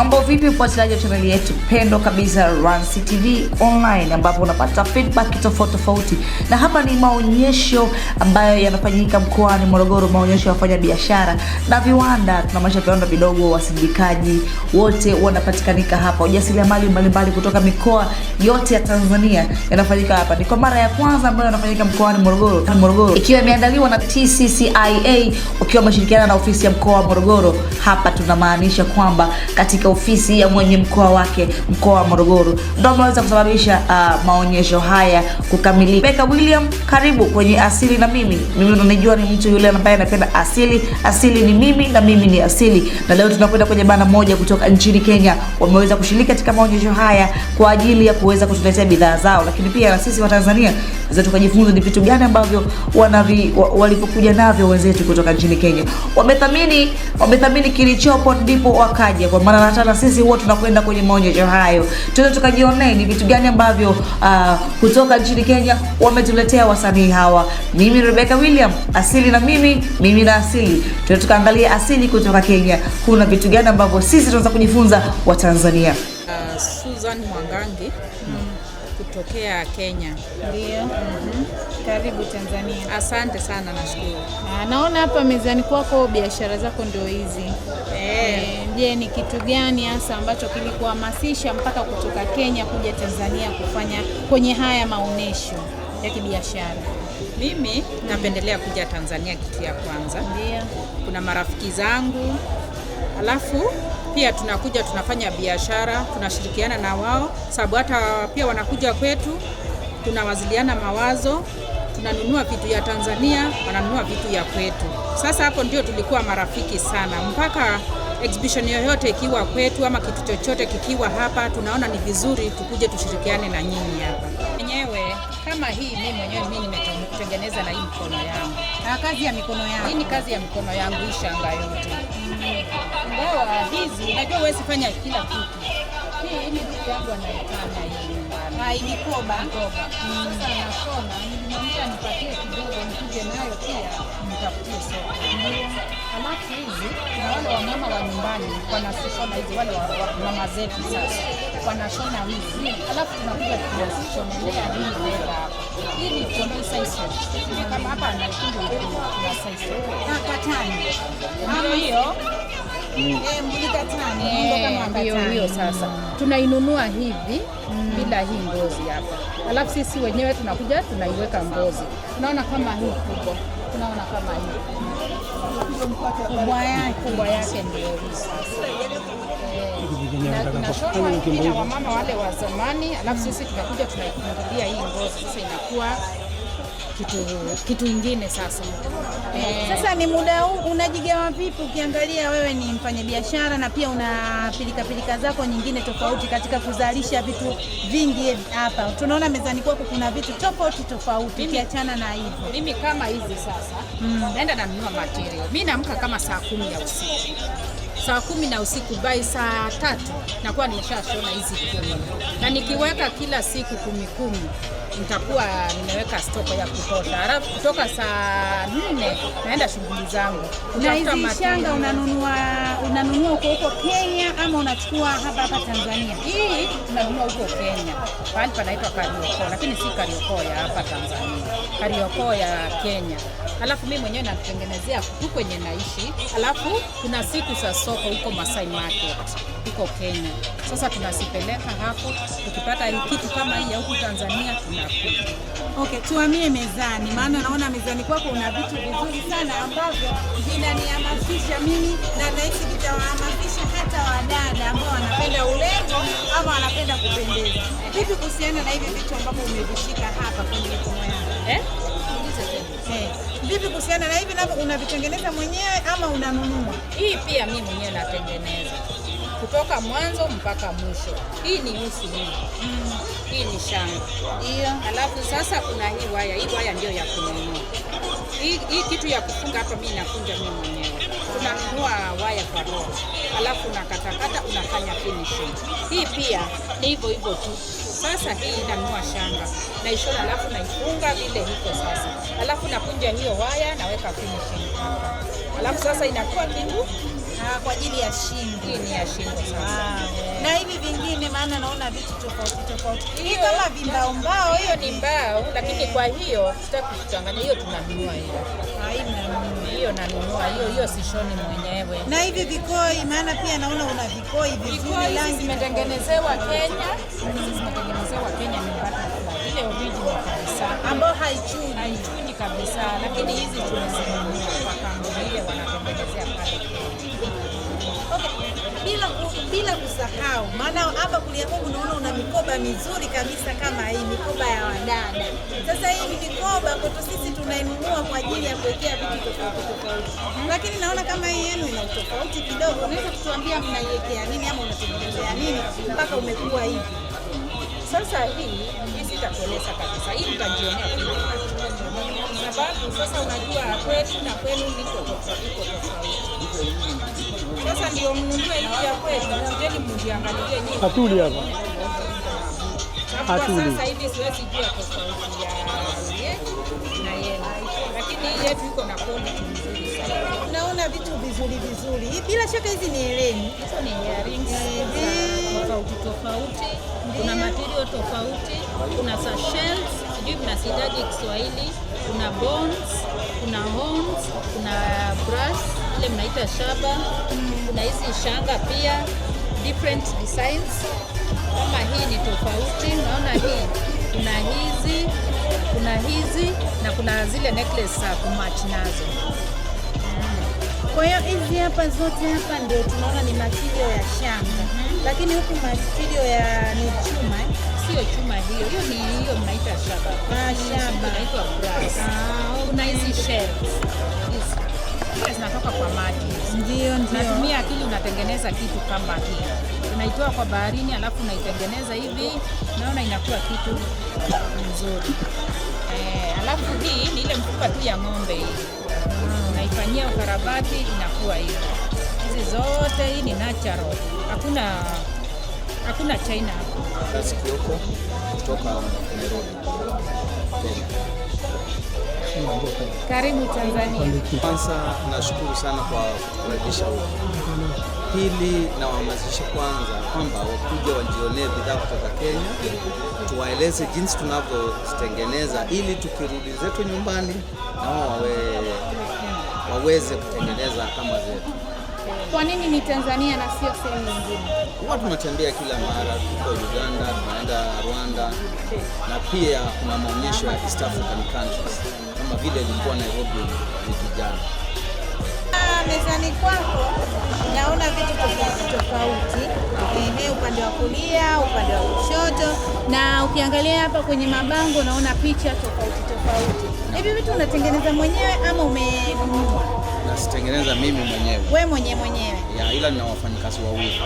Mambo vipi, ufuatiliaji wa chaneli yetu pendo kabisa Ranci TV online, ambapo unapata feedback tofauti tofauti, na hapa ni maonyesho ambayo yanafanyika mkoani Morogoro, maonyesho ya wafanya biashara na viwanda, tunamaanisha viwanda vidogo, wasindikaji wote wanapatikanika hapa, ujasiriamali mbalimbali kutoka mikoa yote ya Tanzania yanafanyika hapa. Ni kwa mara ya kwanza ambayo yanafanyika mkoani Morogoro, Morogoro ikiwa imeandaliwa na TCCIA ukiwa umeshirikiana na ofisi ya mkoa wa Morogoro. Hapa tunamaanisha kwamba katika ofisi ya mwenye mkoa wake mkoa wa Morogoro, ndio ameweza kusababisha uh, maonyesho haya kukamilika. Beka William, karibu kwenye Asili na Mimi. Mimi unanijua ni mtu yule ambaye anapenda asili, asili ni mimi na mimi ni asili, na leo tunakwenda kwenye bana moja kutoka nchini Kenya, wameweza kushiriki katika maonyesho haya kwa ajili ya kuweza kutuletea bidhaa zao, lakini pia na sisi wa Tanzania za tukajifunza ni vitu gani ambavyo wanavi wa, walivyokuja navyo wenzetu kutoka nchini Kenya. Wamethamini wamethamini kilichopo ndipo wakaja, kwa maana hata na sisi huwa tunakwenda kwenye maonyesho hayo, tuende tukajionee ni vitu gani ambavyo uh, kutoka nchini Kenya wametuletea wasanii hawa. Mimi Rebecca William, asili na mimi, mimi na asili, tuende tukaangalia asili kutoka Kenya, kuna vitu gani ambavyo sisi tunaweza kujifunza wa Tanzania. Uh, Susan Mwangangi kutokea Kenya. Ndio. mm -hmm. Karibu Tanzania. Asante sana, nashukuru. Ah, naona hapa mezani kwako biashara zako ndio hizi. Eh, je, ni kitu gani hasa ambacho kilikuhamasisha mpaka kutoka Kenya kuja Tanzania kufanya kwenye haya maonyesho ya kibiashara? Mimi napendelea kuja Tanzania, kitu ya kwanza yeah. Kuna marafiki zangu, alafu pia tunakuja tunafanya biashara, tunashirikiana na wao, sababu hata pia wanakuja kwetu, tunawaziliana mawazo tunanunua vitu ya Tanzania, wananunua vitu ya kwetu. Sasa hapo ndio tulikuwa marafiki sana mpaka exhibition yoyote ikiwa kwetu ama kitu chochote kikiwa hapa, tunaona ni vizuri tukuje tushirikiane na nyinyi hapa wenyewe. Kama hii mimi mwenyewe mimi nimetengeneza na hii mkono yangu, na kazi ya mikono yangu hii ni kazi ya mikono yangu, hii shanga yote, Ngoa hizi najua huwezi fanya kila kitu hii ndugu yangu anaitana hii mikoba sana, nilimwambia nipatie kidogo nikuje nayo pia nitafutie soko. Halafu hizi kuna wale wamama wa nyumbani wanashona hizi, wale mama zetu sasa wanashona hizi, halafu tunakuja tunashonelea hii mbele hapa. Hii ni kitambaa size kama hapa anashinda na size kaka tani, hiyo ndio hiyo sasa, tunainunua hivi mm. bila hii ngozi hapa, alafu sisi wenyewe tunakuja tunaiweka ngozi. Tunaona kama hii kubwa, tunaona kama hii kubwa yake, kubwa ndio hii sasa na wamama wale wa zamani, alafu sisi tunakuja tunaikungulia hii ngozi, sasa inakuwa kitu kitu ingine sasa. Eh, sasa ni muda huu unajigawa vipi, ukiangalia wewe ni mfanyabiashara na pia una pilika pilika zako nyingine tofauti katika kuzalisha vitu vingi hapa. Tunaona mezani kwako kuna vitu tofauti tofauti, ukiachana na hivyo. Mimi kama hizi sasa, mm, naenda nanunua material. Mimi naamka kama saa kumi ya usiku saa kumi na usiku bai saa tatu nakuwa nimeshashona hizi kumi, na nikiweka kila siku kumi kumi nitakuwa nimeweka stoko ya kutosha. Halafu kutoka saa nne naenda shughuli zangu. Na hizi shanga unanunua unanunua huko huko Kenya ama unachukua hapa hapa Tanzania? Hii tunanunua huko Kenya, pahali panaitwa Kariokoo, lakini si Kariokoo ya hapa Tanzania, Kariokoo ya Kenya. Alafu mimi mwenyewe natengenezea tu kwenye naishi. Alafu kuna siku za soko huko Masai Market huko Kenya. Sasa tunasipeleka hapo, tukipata kitu kama hii ya huku Tanzania tunakula. Okay, tuamie mezani, maana naona mezani kwako una vitu vizuri sana ambavyo vinanihamasisha mimi na nahisi vitawahamasisha hata wadada ambao wanapenda urembo ama wanapenda kupendeza. Vipi kuhusiana na hivi vitu ambavyo umevishika hapa kwenye mikono yako eh? eh? Vipi kuhusiana na hivi, unavitengeneza mwenyewe ama unanunua? Hii pia mimi mwenyewe natengeneza kutoka mwanzo mpaka mwisho. Hii ni usi hii. Mm. Hii ni shanga hiyo. Alafu sasa kuna hii waya, hii waya ndio ya kununua hii, hii kitu ya kufunga hapa, mimi nakunja mimi mwenyewe. tunanunua waya kwa roho, alafu unakatakata unafanya finishing. Hii pia ni hivyo hivyo tu. Sasa hii inanua shanga na ishona, alafu naifunga vile hiko sasa, alafu nakunja hiyo waya naweka finishing hapa, alafu sasa inakuwa kingu Ah, kwa ajili ya shingo. Hii ni ya shingo sasa. Ah, na hivi vingine maana naona vitu tofauti tofauti. Hii kama vimbao mbao, hiyo ni mbao lakini kwa hiyo sitaki kuchanganya hiyo tunanunua hiyo. Haina hii Hiyo nanunua hiyo hiyo sishoni mwenyewe. Na hivi vikoi maana pia naona una vikoi vizuri rangi zimetengenezewa Kenya. Zimetengenezewa Kenya ni mpaka ile original kabisa Ambao haichuni. Haichuni kabisa lakini hizi tunazinunua wote pale. Bila, bila kusahau, maana hapa kulia kwangu unaona una mikoba mizuri kabisa kama hii mikoba ya wadada. Sasa hii mikoba kwetu sisi tunainunua kwa ajili ya kuwekea vitu tofauti tofauti, lakini naona kama hii yenu ina utofauti kidogo. Unaweza kutuambia mnaiwekea nini ama unatengenezea nini mpaka umekuwa hivi? Sasa hii sitakueleza kabisa, hii mtajionea sababu sasa unajua kwetu na kwenu iko tofauti. Sasa ndio mnunue hivi ya kwetu, mjeni mjiangalie nyinyi. hapa. Hatuli. Sasa hivi siwezi jua tofauti ya yetu na yenu. Lakini yetu iko na kundi nzuri sana. vitu vizuri vizuri. Bila shaka hizi ni eleni. Hizo ni earrings. Tofauti tofauti. Kuna material tofauti. Kuna sachets sijui mnasitaje Kiswahili, kuna bones, kuna horns, kuna brass ile mnaita shaba, kuna hizi shanga pia different designs. Kama hii ni tofauti, unaona hii, kuna hizi, kuna hizi na kuna zile necklace za kumatch nazo. Kwa hiyo hizi hapa zote hapa ndio tunaona ni material ya shanga, mm -hmm. Lakini huku material ya ni chuma sio chuma hiyo, hiyo ni hiyo mnaita shaba. Ah, shaba inaitwa brass. Ah, kuna hizi shells hizi zinatoka kwa maji, ndio ndio. Natumia akili, unatengeneza kitu kama hiyo, unaitoa kwa baharini, alafu unaitengeneza hivi, naona inakuwa kitu nzuri. Eh, alafu hii ni ile mfupa tu ya ng'ombe hii, unaifanyia ah. ukarabati, inakuwa hivi. Hizi zote hii ni natural, hakuna Hakuna China hapa. Kioko kutoka Nairobi. Karibu Tanzania. Kwanza nashukuru sana kwa kutukaribisha huku. Pili nawahamasisha kwanza kwamba wakuja wajionee bidhaa kutoka Kenya, tuwaeleze jinsi tunavyozitengeneza ili tukirudi zetu nyumbani na wawe waweze kutengeneza kama zetu. Kwa nini ni Tanzania na sio sehemu nyingine? Huwa tunatembea kila mara, tuko Uganda, tunaenda Rwanda na pia kuna maonyesho ya East African countries kama vile ilikuwa Nairobi wiki jana. Ah, mezani kwako naona vitu tofauti tofauti, ehe, upande wa kulia, upande wa kushoto, na ukiangalia hapa kwenye mabango unaona picha tofauti tofauti. Hivi vitu unatengeneza mwenyewe ama umenunua? nazitengeneza mimi mwenyewe. Wewe mwenyewe mwenyewe? Ya, ila nina wafanyakazi wawili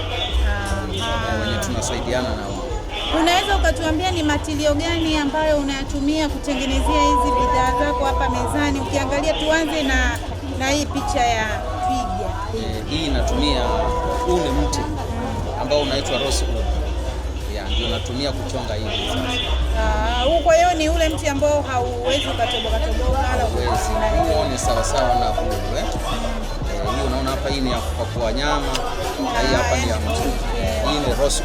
wenye tunasaidiana na wao. Unaweza ukatuambia ni matilio gani ambayo unayatumia kutengenezea hizi bidhaa zako hapa mezani? Ukiangalia, tuanze na na hii picha ya twiga eh, hii inatumia ule mti ambao unaitwa rosewood, ndio natumia kuchonga hivi sasa huu. Uh, kwa hiyo ni ule mti ambao hauwezi ukatoboka toboka wala kukusina. Ni sawa sawa na huo eh? Mm. eh. Hiyo unaona hapa, hii ni ya kupakua nyama, mm. hii ah, hapa ni ya mtu. Eh, hii ni roast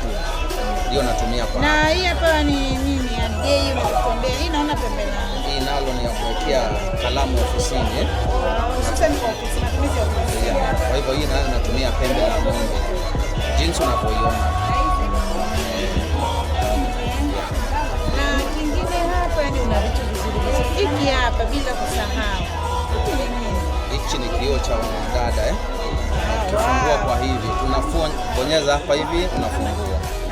ndio natumia kwa. Na hii hapa ni nini? Hii unakombea. Hii naona pembeni. Hii nalo ni ya kuwekea kalamu ofisini. Eh? Ah, hususan Kwa hivyo hii nayo natumia pembe la ng'ombe. Jinsi unavyoiona. hiki hapa bila kusahau Hiki ni kioo cha dada eh? Ah, Ukifungua Kwa hivi unabonyeza hapa hivi unafungua,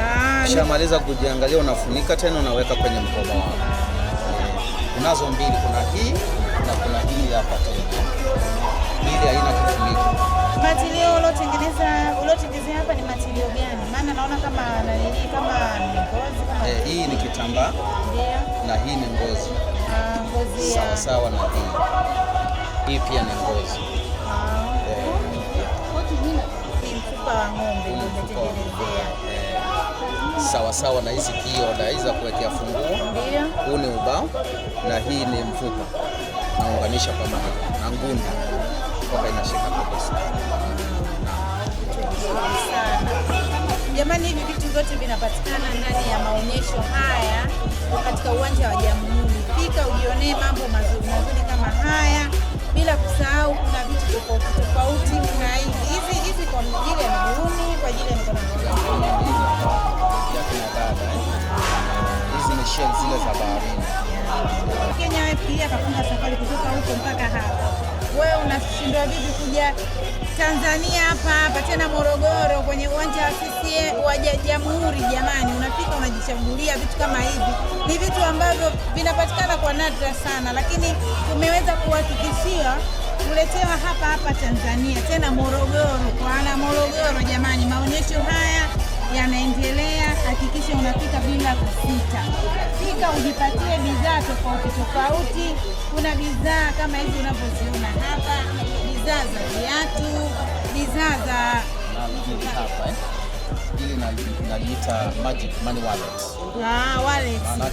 ah, ukishamaliza kujiangalia unafunika tena unaweka kwenye mkoba wako. Eh, unazo mbili, kuna hii na kuna hii hapa tena, hili haina kifuniko. Matilio uliotengeneza uliotengenezea hapa ni matilio gani? Maana naona kama nani, kama ngozi. kama eh, Hii ni kitambaa na hii ni ngozi ngozi ya sawa sawa na hii. Hii pia ni ngozi. Sawa sawa na hizi na hizi za kuwekea funguo. Ndio. Huu ni ubao na hii ni mfupa. Naunganisha pamoja na ngundi mpaka inashika kabisa. Jamani, hivi vitu vyote vinapatikana ndani ya maonyesho haya katika uwanja tusiangalie mambo mazuri mazuri kama haya, bila kusahau kuna vitu tofauti tofauti kuna hivi hivi kwa ajili ya mguuni, kwa ajili ya mkono zile za baharini. Kenya pia kafunga safari kutoka huko mpaka hapa wewe unashindwa vipi kuja Tanzania hapa hapa tena Morogoro kwenye uwanja wa CCM wa Jamhuri? Jamani, unafika unajichagulia vitu kama hivi, ni vitu ambavyo vinapatikana kwa nadra sana, lakini tumeweza kuhakikishia kuletewa hapa hapa Tanzania, tena Morogoro, kwa ana Morogoro. Jamani, maonyesho haya yanaendelea. Hakikisha unafika bila kusita, fika ujipatie bidhaa tofauti tofauti. Kuna bidhaa kama hizi unavyoziona hapa, bidhaa za viatu, bidhaa za ah,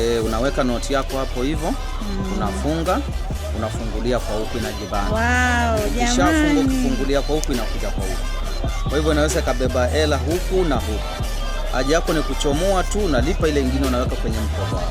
eh, unaweka noti yako hapo hivyo mm. Unafunga, unafungulia kwa huku inajibana. Wow, ukifungulia kwa huku inakuja kwa huku kwa hivyo inaweza kabeba hela huku na huku. Haja yako ni kuchomoa tu, unalipa ile ingine unaweka kwenye mkoba.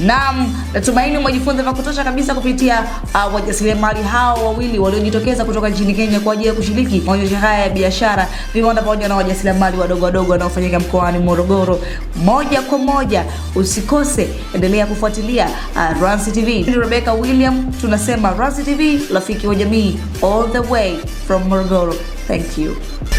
Naam, natumaini umejifunza vya kutosha kabisa kupitia uh, wajasiriamali hao wawili waliojitokeza kutoka nchini Kenya kwa ajili ya kushiriki maonyesho haya ya biashara, viwanda pamoja na wajasiriamali wadogo wadogo wanaofanyika mkoani Morogoro moja kwa moja. Usikose, endelea kufuatilia uh, ah, Ranci TV. Rebecca William, tunasema Ranci TV, rafiki wa jamii all the way from Morogoro. Thank you.